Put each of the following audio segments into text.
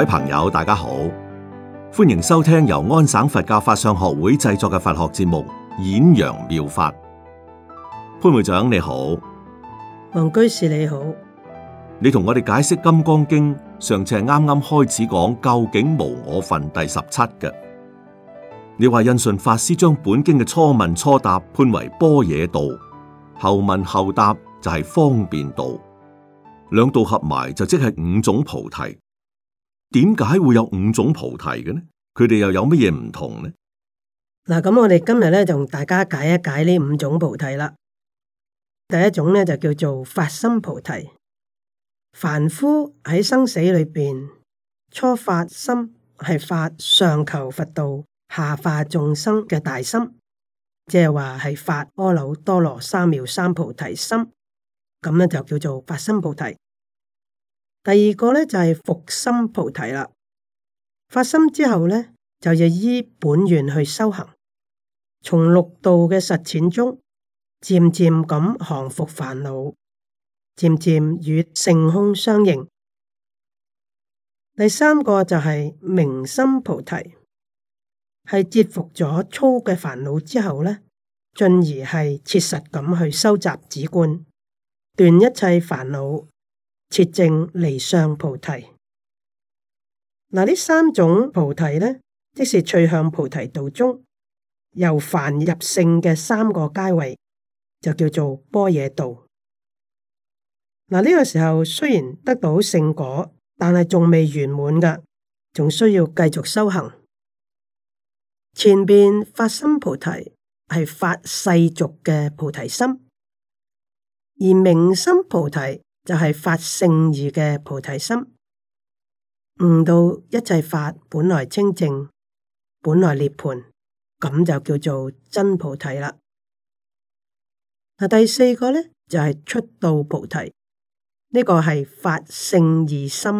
各位朋友，大家好，歡迎收聽由安省佛教法上學會製作嘅佛學節目《演揚妙，妙法》。潘會長你好，黃居士你好，你同我哋解釋《金剛經》，上次係啱啱開始講究竟無我分第十七嘅。你話印順法師將本經嘅初問初答判為般若道，後問後答就係方便道，兩道合埋就即係五種菩提。點解會有五種菩提嘅呢？佢哋又有乜嘢唔同呢？嗱，咁我哋今日咧，同大家解一解呢五種菩提啦。第一種咧，就叫做發心菩提。凡夫喺生死裏邊初發心，係發上求佛道、下化眾生嘅大心，即係話係發阿耨多羅三藐三菩提心，咁咧就叫做發心菩提。第二個呢，就係復心菩提啦。發心之後呢，就要依本願去修行，從六度嘅實踐中，漸漸咁降服煩惱，漸漸與性空相應。第三個就係明心菩提，係折服咗粗嘅煩惱之後呢，進而係切實咁去收集止觀，斷一切煩惱。切正離相菩提，嗱呢三種菩提咧，即是趣向菩提道中由凡入聖嘅三個階位，就叫做般若道。嗱、這、呢個時候雖然得到聖果，但係仲未圓滿嘅，仲需要繼續修行。前邊發心菩提係發世俗嘅菩提心，而明心菩提。就係發聖義嘅菩提心，悟到一切法本來清淨，本來涅槃，咁就叫做真菩提啦。嗱，第四個咧就係、是、出道菩提，呢、這個係發聖義心，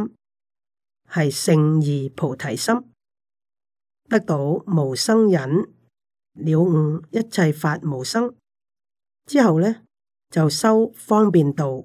係聖義菩提心，得到無生忍，了悟一切法無生，之後咧就修方便道。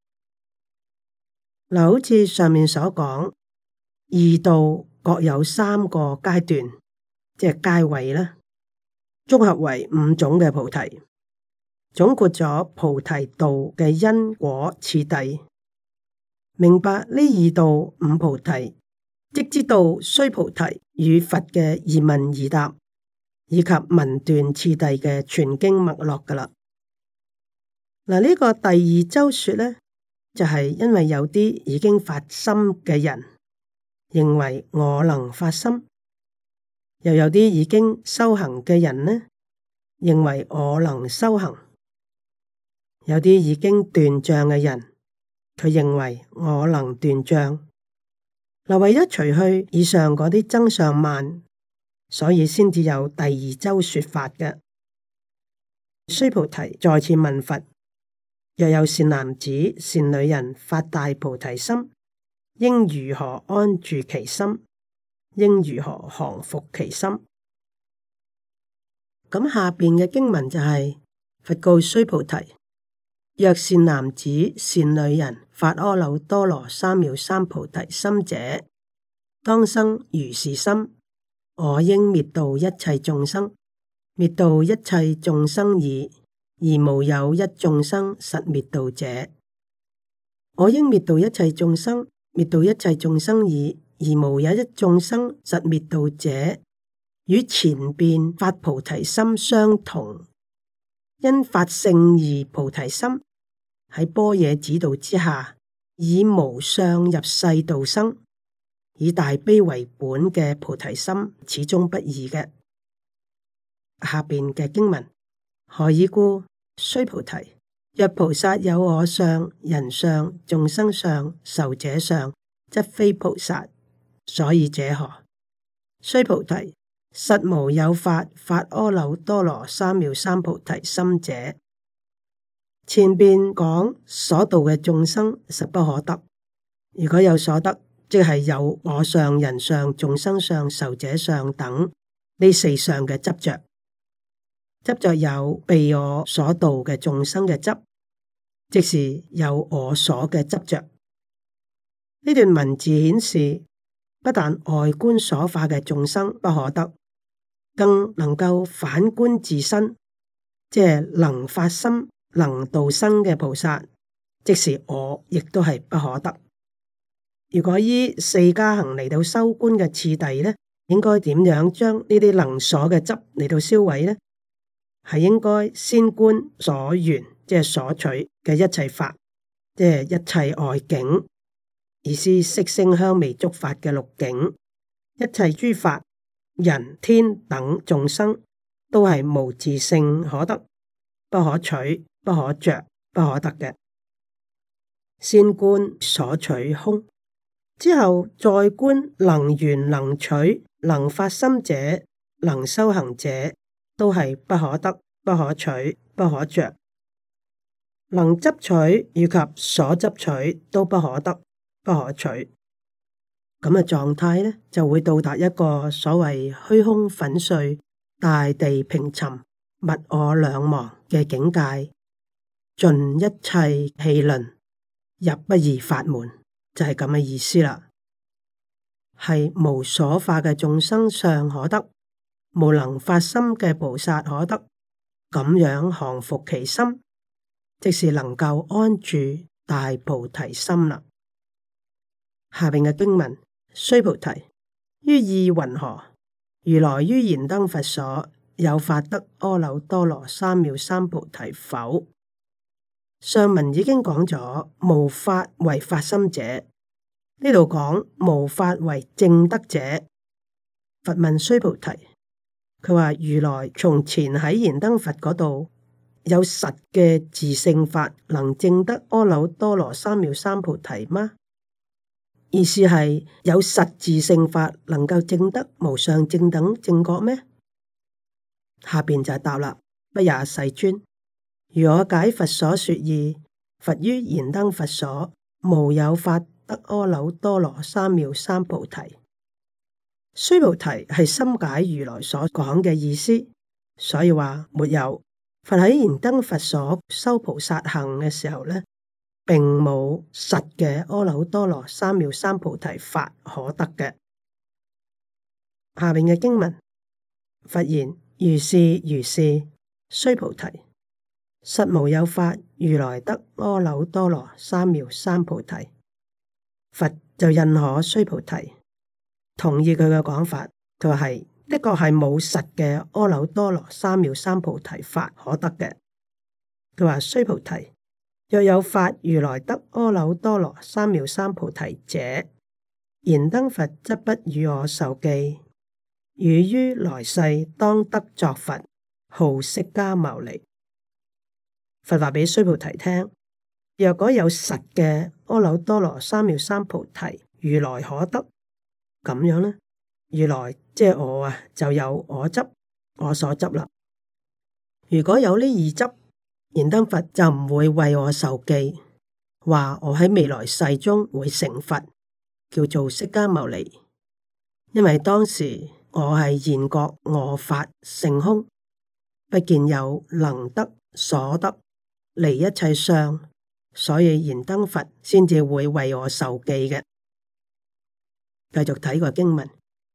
嗱，好似上面所講，二道各有三個階段，即係階位啦，綜合為五種嘅菩提，總括咗菩提道嘅因果次第，明白呢二道五菩提，即知道須菩提與佛嘅二問二答，以及文段次第嘅全經脈絡噶啦。嗱，呢個第二周說咧。就係因為有啲已經發心嘅人認為我能發心，又有啲已經修行嘅人呢認為我能修行，有啲已經斷障嘅人佢認為我能斷障。嗱，為咗除去以上嗰啲增上慢，所以先至有第二周說法嘅須菩提再次問佛。若有善男子善女人發大菩提心，應如何安住其心？應如何降伏其心？咁下邊嘅經文就係、是、佛告須菩提：若善男子善女人發阿耨多羅三藐三菩提心者，當生如是心，我應滅度一切眾生，滅度一切眾生已。而無有一眾生實滅度者，我應滅度一切眾生，滅度一切眾生已。而無有一眾生實滅度者，與前邊發菩提心相同，因發性而菩提心，喺般若指導之下，以無相入世度生，以大悲為本嘅菩提心，始終不移嘅。下邊嘅經文何以故？須菩提，若菩薩有我相、人相、眾生相、壽者相，則非菩薩。所以者何？須菩提，實無有法，發阿耨多羅三藐三菩提心者。前邊講所度嘅眾生實不可得。如果有所得，即係有我相、人相、眾生相、壽者相等呢四相嘅執着。執着有被我所度嘅眾生嘅執，即是有我所嘅執着。呢段文字顯示，不但外觀所化嘅眾生不可得，更能夠反觀自身，即係能發心、能度生嘅菩薩，即使我亦都係不可得。如果依四加行嚟到修觀嘅次第呢，應該點樣將呢啲能所嘅執嚟到銷毀呢？係應該先觀所緣，即係所取嘅一切法，即係一切外境，而是色聲香味觸法嘅六境。一切諸法、人天等眾生，都係無自性可得，不可取、不可着、不可得嘅。先觀所取空，之後再觀能緣、能取、能發心者、能修行者。都係不可得、不可取、不可着。能執取以及所執取都不可得、不可取，咁嘅狀態呢，就會到達一個所謂虛空粉碎、大地平沉、物我兩忘嘅境界，盡一切戲論入不二法門，就係咁嘅意思啦，係無所化嘅眾生尚可得。無能發心嘅菩薩可得咁樣降伏其心，即是能夠安住大菩提心啦。下邊嘅經文：須菩提，於意云何？如來於燃燈佛所，有法得阿耨多羅三藐三菩提否？上文已經講咗，無法為發心者，呢度講無法為證得者。佛問須菩提。佢話：如來從前喺燃燈佛嗰度有實嘅自性法，能證得阿耨多羅三藐三菩提嗎？意思係有實自性法能夠證得無上正等正覺咩？下邊就答啦，不也世尊。如我解佛所說義，佛於燃燈佛所無有法得阿耨多羅三藐三菩提。須菩提係深解如來所講嘅意思，所以話沒有佛喺燃燈佛所修菩薩行嘅時候呢，并冇實嘅阿耨多羅三藐三菩提法可得嘅。下邊嘅經文佛言：如是如是，須菩提，實無有，有法如來得阿耨多羅三藐三菩提。佛就認可須菩提。同意佢嘅講法，佢話係的確係冇實嘅阿耨多羅三藐三菩提法可得嘅。佢話須菩提，若有法如來得阿耨多羅三藐三菩提者，燃燈佛則不與我受記，汝於來世當得作佛，號釋迦牟尼。佛話俾須菩提聽：若果有實嘅阿耨多羅三藐三菩提如來可得。咁樣呢，如來即係我啊，就有我執，我所執啦。如果有呢二執，燃燈佛就唔會為我受記，話我喺未來世中會成佛，叫做釋迦牟尼。因為當時我係現覺我法成空，不見有能得所得離一切相，所以燃燈佛先至會為我受記嘅。繼續睇個經文，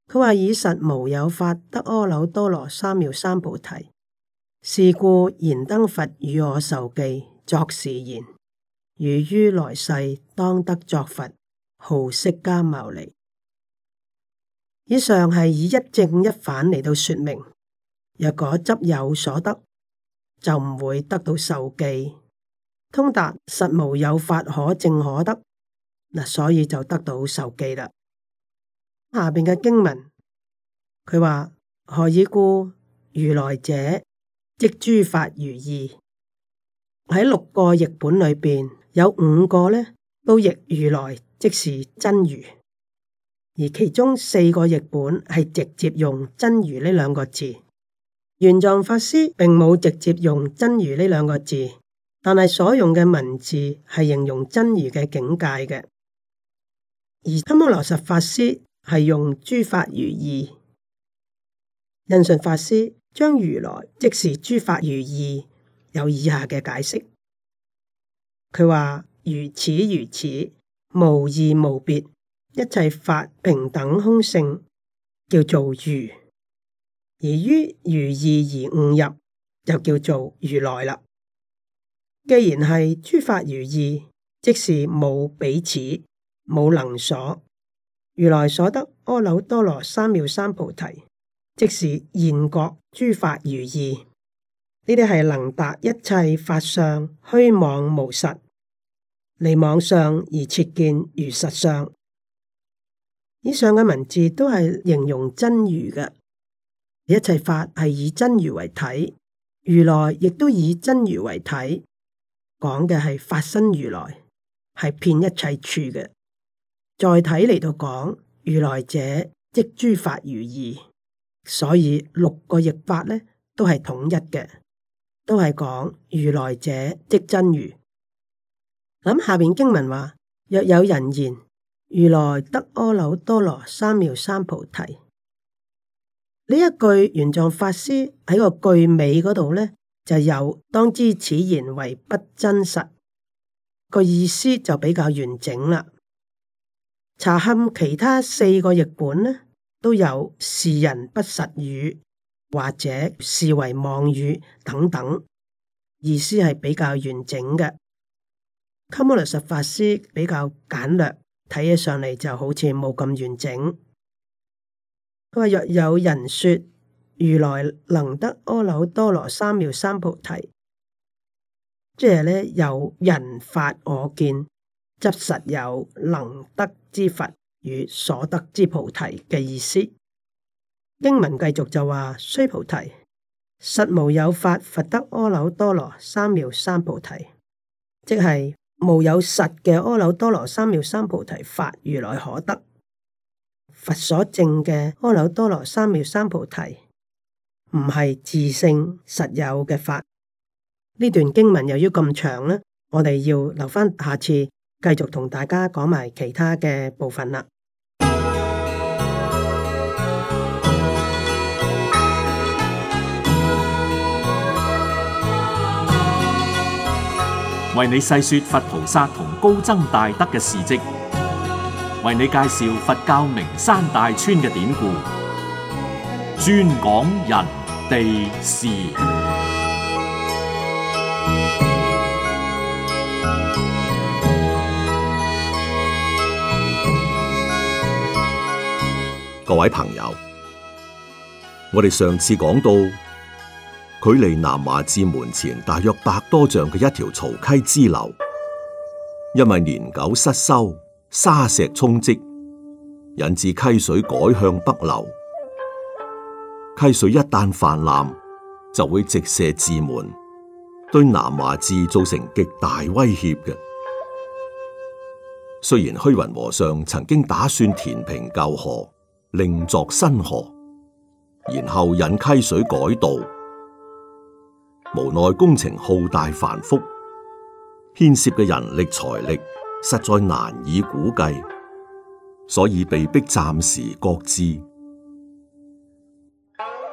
佢話以實無有法得阿耨多羅三藐三菩提，是故燃燈佛與我受記作是言：如於來世當得作佛，號釋迦牟尼。以上係以一正一反嚟到說明，若果執有所得，就唔會得到受記。通達實無有法可證可得，嗱，所以就得到受記啦。下邊嘅經文，佢話何以故如來者即諸法如義？喺六個譯本裏邊，有五個咧都譯如來，即是真如，而其中四個譯本係直接用真如呢兩個字。玄奘法師並冇直接用真如呢兩個字，但係所用嘅文字係形容真如嘅境界嘅，而鳩摩羅什法師，係用諸法如義，印順法師將如來即是諸法如義，有以下嘅解釋。佢話：如此如此，無異無別，一切法平等空性，叫做如。而於如義而悟入，就叫做如來啦。既然係諸法如義，即是冇彼此、冇能所。如來所得阿耨多羅三藐三菩提，即是現覺諸法如義。呢啲係能達一切法相虛妄無實，離妄相而切見如實相。以上嘅文字都係形容真如嘅，一切法係以真如為體，如來亦都以真如為體，講嘅係法身如來，係遍一切處嘅。再睇嚟，到講如來者即諸法如義，所以六個譯法咧都係統一嘅，都係講如來者即真如。諗下邊經文話：若有人言如來得阿耨多羅三藐三菩提，呢一句玄奘法師喺個句尾嗰度咧就有當知此言為不真實，個意思就比較完整啦。查勘其他四個譯本咧，都有是人不實語，或者是為妄語等等，意思係比較完整嘅。鳩摩羅什法師比較簡略，睇起上嚟，就好似冇咁完整。佢話若有人說如來能得阿耨多羅三藐三菩提，即係呢，有人法我見執實有能得。之佛與所得之菩提嘅意思，經文繼續就話：須菩提，實無有法佛得阿耨多羅三藐三菩提，即係無有實嘅阿耨多羅三藐三菩提法，如來可得。佛所證嘅阿耨多羅三藐三菩提，唔係自性實有嘅法。呢段經文又要咁長呢，我哋要留翻下次。繼續同大家講埋其他嘅部分啦。為你細說佛菩薩同高僧大德嘅事跡，為你介紹佛教名山大川嘅典故，專講人、地、事。各位朋友，我哋上次講到，距離南華寺門前大約百多丈嘅一條曹溪支流，因為年久失修、沙石沖積，引致溪水改向北流。溪水一旦泛濫，就會直射至門，對南華寺造成極大威脅嘅。雖然虛雲和尚曾經打算填平舊河，另作新河，然後引溪水改道。無奈工程浩大繁複，牽涉嘅人力財力實在難以估計，所以被迫暫時擱置。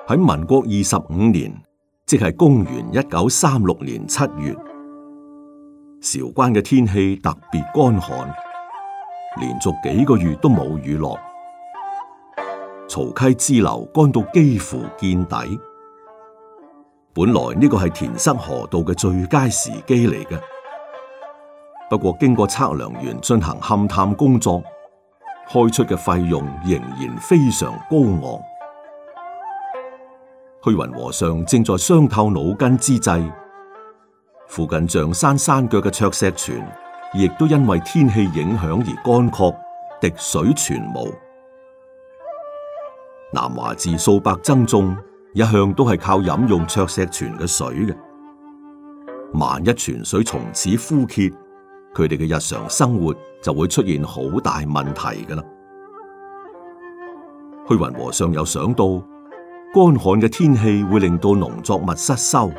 喺民國二十五年，即係公元一九三六年七月，韶關嘅天氣特別乾旱，連續幾個月都冇雨落。曹溪支流乾到幾乎見底，本來呢個係填塞河道嘅最佳時機嚟嘅。不過經過測量員進行勘探工作，開出嘅費用仍然非常高昂。虛雲和尚正在傷透腦筋之際，附近象山山腳嘅卓石泉，亦都因為天氣影響而乾涸，滴水全無。南華寺數百僧眾一向都係靠飲用卓石泉嘅水嘅，萬一泉水從此枯竭，佢哋嘅日常生活就會出現好大問題噶啦。虛雲和尚有想到，乾旱嘅天氣會令到農作物失收，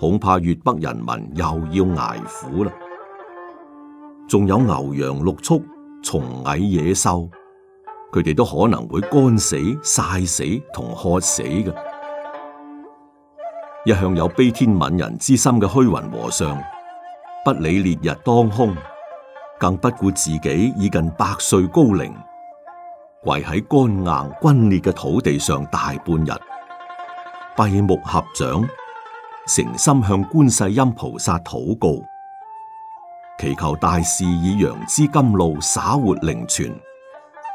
恐怕粵北人民又要捱苦啦。仲有牛羊六畜、蟲蟻野獸。佢哋都可能會乾死、曬死同渴死嘅。一向有悲天憫人之心嘅虛雲和尚，不理烈日當空，更不顧自己已近百歲高齡，跪喺乾硬皸裂嘅土地上大半日，閉目合掌，誠心向觀世音菩薩禱告，祈求大士以楊枝甘露灑活靈泉。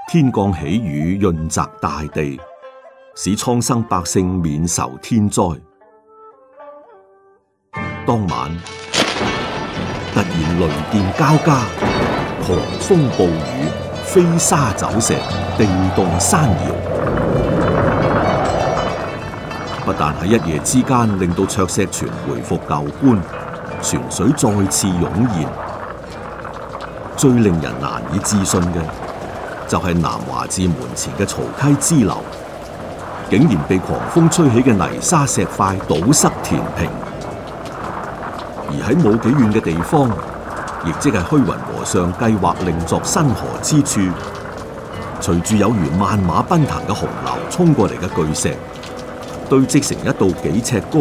天降喜雨，潤澤大地，使蒼生百姓免受天災。當晚突然雷電交加，狂風暴雨，飛沙走石，地動山搖。不但喺一夜之間令到卓石泉回復舊觀，泉水再次湧現。最令人難以置信嘅。就係南華寺門前嘅曹溪支流，竟然被狂風吹起嘅泥沙石塊堵塞，塞填平。而喺冇幾遠嘅地方，亦即係虛雲和尚計劃另作新河之處，隨住有如萬馬奔騰嘅洪流衝過嚟嘅巨石，堆積成一道幾尺高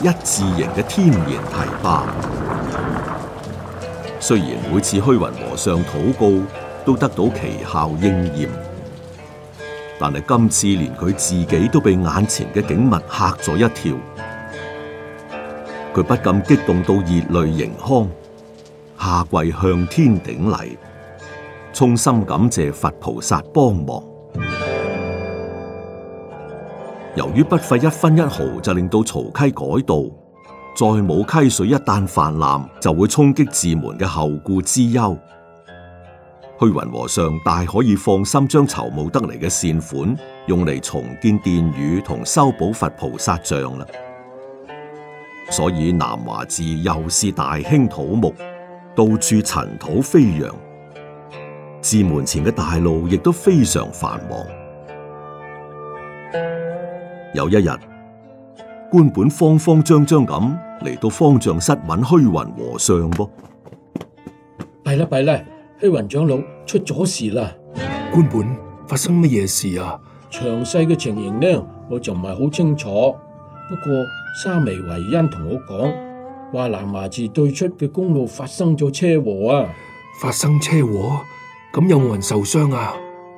一字形嘅天然堤壩。雖然每次虛雲和尚禱告，都得到奇效應驗，但係今次連佢自己都被眼前嘅景物嚇咗一跳，佢不禁激動到熱淚盈眶，下跪向天頂禮，衷心感謝佛菩薩幫忙。由於不費一分一毫就令到曹溪改道，再冇溪水一旦泛濫，就會衝擊寺門嘅後顧之憂。虛雲和尚大可以放心，將籌募得嚟嘅善款用嚟重建殿宇同修補佛菩薩像啦。所以南華寺又是大興土木，到處塵土飛揚，寺門前嘅大路亦都非常繁忙。有一日，官本慌慌張張咁嚟到方丈室揾虛雲和尚，噃。弊啦弊啦。虛雲長老出咗事啦！官本，發生乜嘢事啊？詳細嘅情形呢，我就唔係好清楚。不過沙眉維恩同我講，話南華寺對出嘅公路發生咗車禍啊！發生車禍，咁有冇人受傷啊？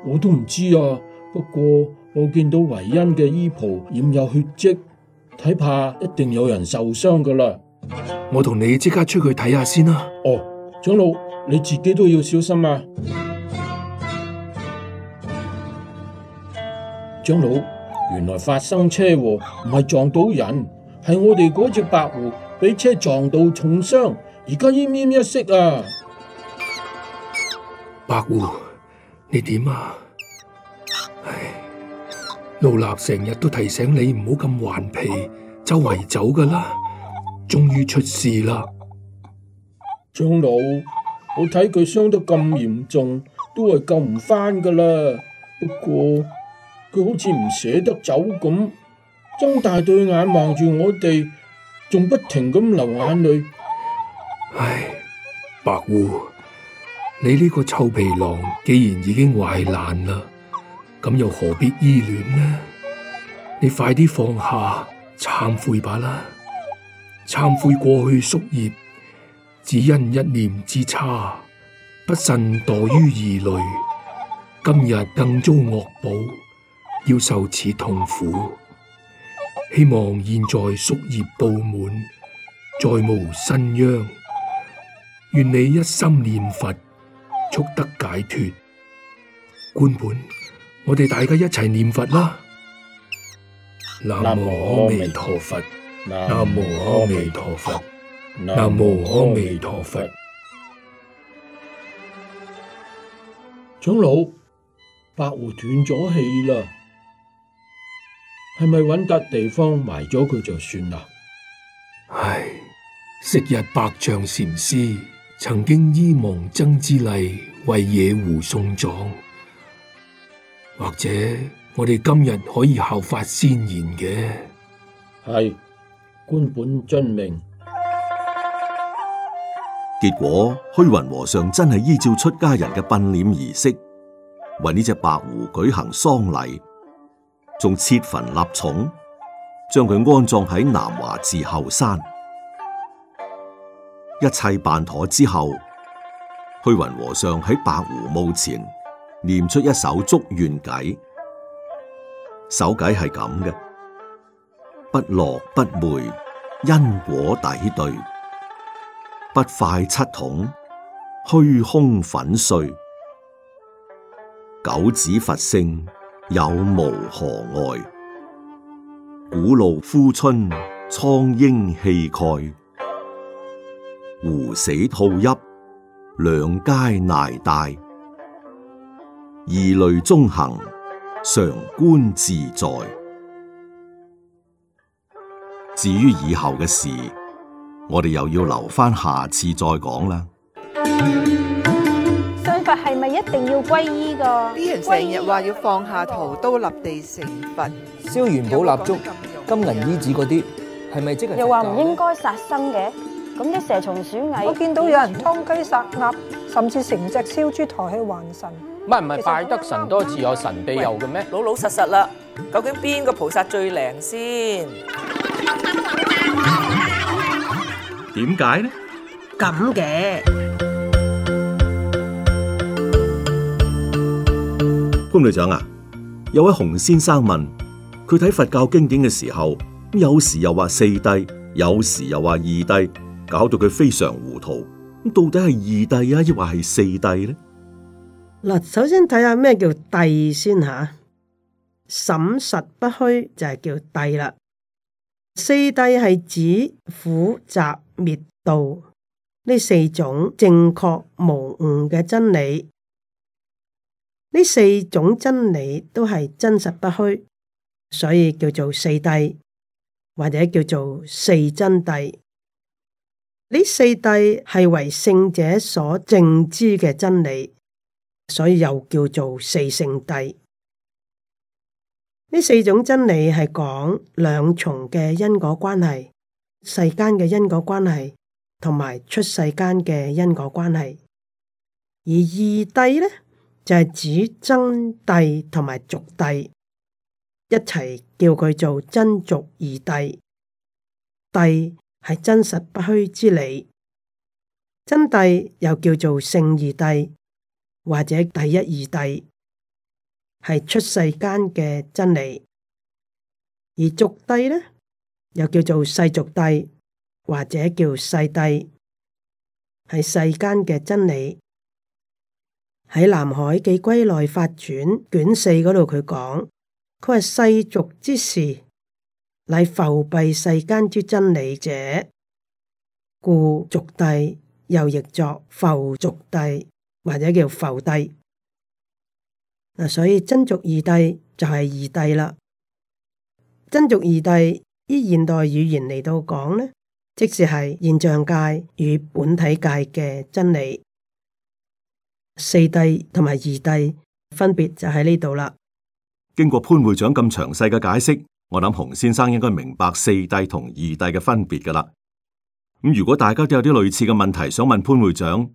我都唔知啊。不過我見到維恩嘅衣袍染有血跡，睇怕一定有人受傷噶啦。我同你即刻出去睇下先啦，啊。哦，長老。你自己都要小心啊，張老。原來發生車禍唔係撞到人，係我哋嗰隻白狐俾車撞到重傷，而家奄奄一息啊！白狐，你點啊？唉，老衲成日都提醒你唔好咁頑皮，周圍走噶啦，終於出事啦，張老。我睇佢傷得咁嚴重，都係救唔翻噶啦。不過佢好似唔捨得走咁，睜大對眼望住我哋，仲不停咁流眼淚。唉，白狐，你呢個臭皮囊既然已經壞爛啦，咁又何必依戀呢？你快啲放下，懺悔吧啦，懺悔過去宿業。只因一念之差，不慎墮於異類，今日更遭惡報，要受此痛苦。希望現在宿業報滿，再無新殃。願你一心念佛，速得解脫。觀本，我哋大家一齊念佛啦！南無阿彌陀佛，南無阿彌陀佛。南無阿彌陀佛，長老，白狐斷咗氣啦，係咪揾笪地方埋咗佢就算啦？唉，昔日百丈禪師曾經依亡僧之禮為野狐送葬，或者我哋今日可以效法先賢嘅，係，官本遵命。結果虛雲和尚真係依照出家人嘅殯殮儀式，為呢隻白狐舉行喪禮，仲設墳立冢，將佢安葬喺南華寺後山。一切辦妥之後，虛雲和尚喺白狐墓前念出一首祝願偈，首偈係咁嘅：不落不昧，因果抵對。不快七孔，虛空粉碎；狗子佛性有無何礙？古露夫春，蒼鷹氣概；狐死兔泣，兩皆難帶。異類中行，常觀自在。至於以後嘅事。我哋又要留翻下，下次再講啦。信佛係咪一定要皈依㗎？啲人成日話要放下屠刀立地成佛，燒元寶蠟燭、金銀衣紙嗰啲，係咪、嗯、即係？又話唔應該殺生嘅，咁啲蛇蟲鼠蟻，我見到有人殺雞殺鴨，甚至成隻燒豬抬去還神。唔係唔係，拜得神多自有神庇佑嘅咩？老老實實啦，究竟邊個菩薩最靈先？點解呢？咁嘅，潘隊長啊，有位洪先生問佢睇佛教經典嘅時候，有時又話四諦，有時又話二諦，搞到佢非常糊塗。咁到底係二諦啊，抑或係四諦呢？嗱，首先睇下咩叫諦先吓，審實不虛就係叫諦啦。四諦係指苦集府滅道，呢四種正確無誤嘅真理，呢四種真理都係真實不虛，所以叫做四諦，或者叫做四真諦。呢四諦係為聖者所證知嘅真理，所以又叫做四聖諦。呢四種真理係講兩重嘅因果關係。世間嘅因果關係同埋出世間嘅因果關係，而二諦呢，就係、是、指真諦同埋俗諦。一齊叫佢做真俗二諦。諦係真實不虛之理，真諦又叫做聖義諦，或者第一義諦，係出世間嘅真理，而俗諦呢，.又叫做世俗諦，或者叫世諦，係世間嘅真理。喺南海寄《歸內法傳》卷四嗰度，佢講，佢話世俗之時，乃浮蔽世間之真理者，故俗諦又譯作浮俗諦，或者叫浮諦。嗱，所以真俗二諦就係二諦啦，真俗二諦。依現代語言嚟到講咧，即使係現象界與本體界嘅真理，四諦同埋二諦分別就喺呢度啦。經過潘會長咁詳細嘅解釋，我諗洪先生應該明白四諦同二諦嘅分別噶啦。咁、嗯、如果大家都有啲類似嘅問題想問潘會長，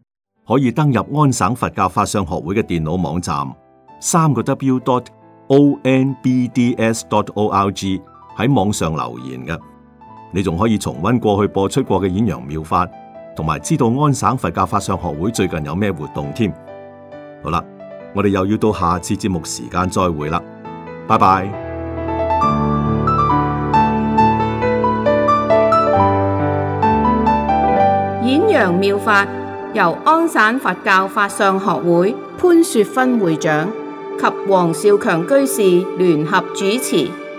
可以登入安省佛教法相學會嘅電腦網站，三個 w d o t o n b d s 點 o l g。喺網上留言嘅，你仲可以重溫過去播出過嘅演揚妙法，同埋知道安省佛教法相學會最近有咩活動添。好啦，我哋又要到下次節目時間再會啦，拜拜。演揚妙法由安省佛教法相學會潘雪芬會長及黃少強居士聯合主持。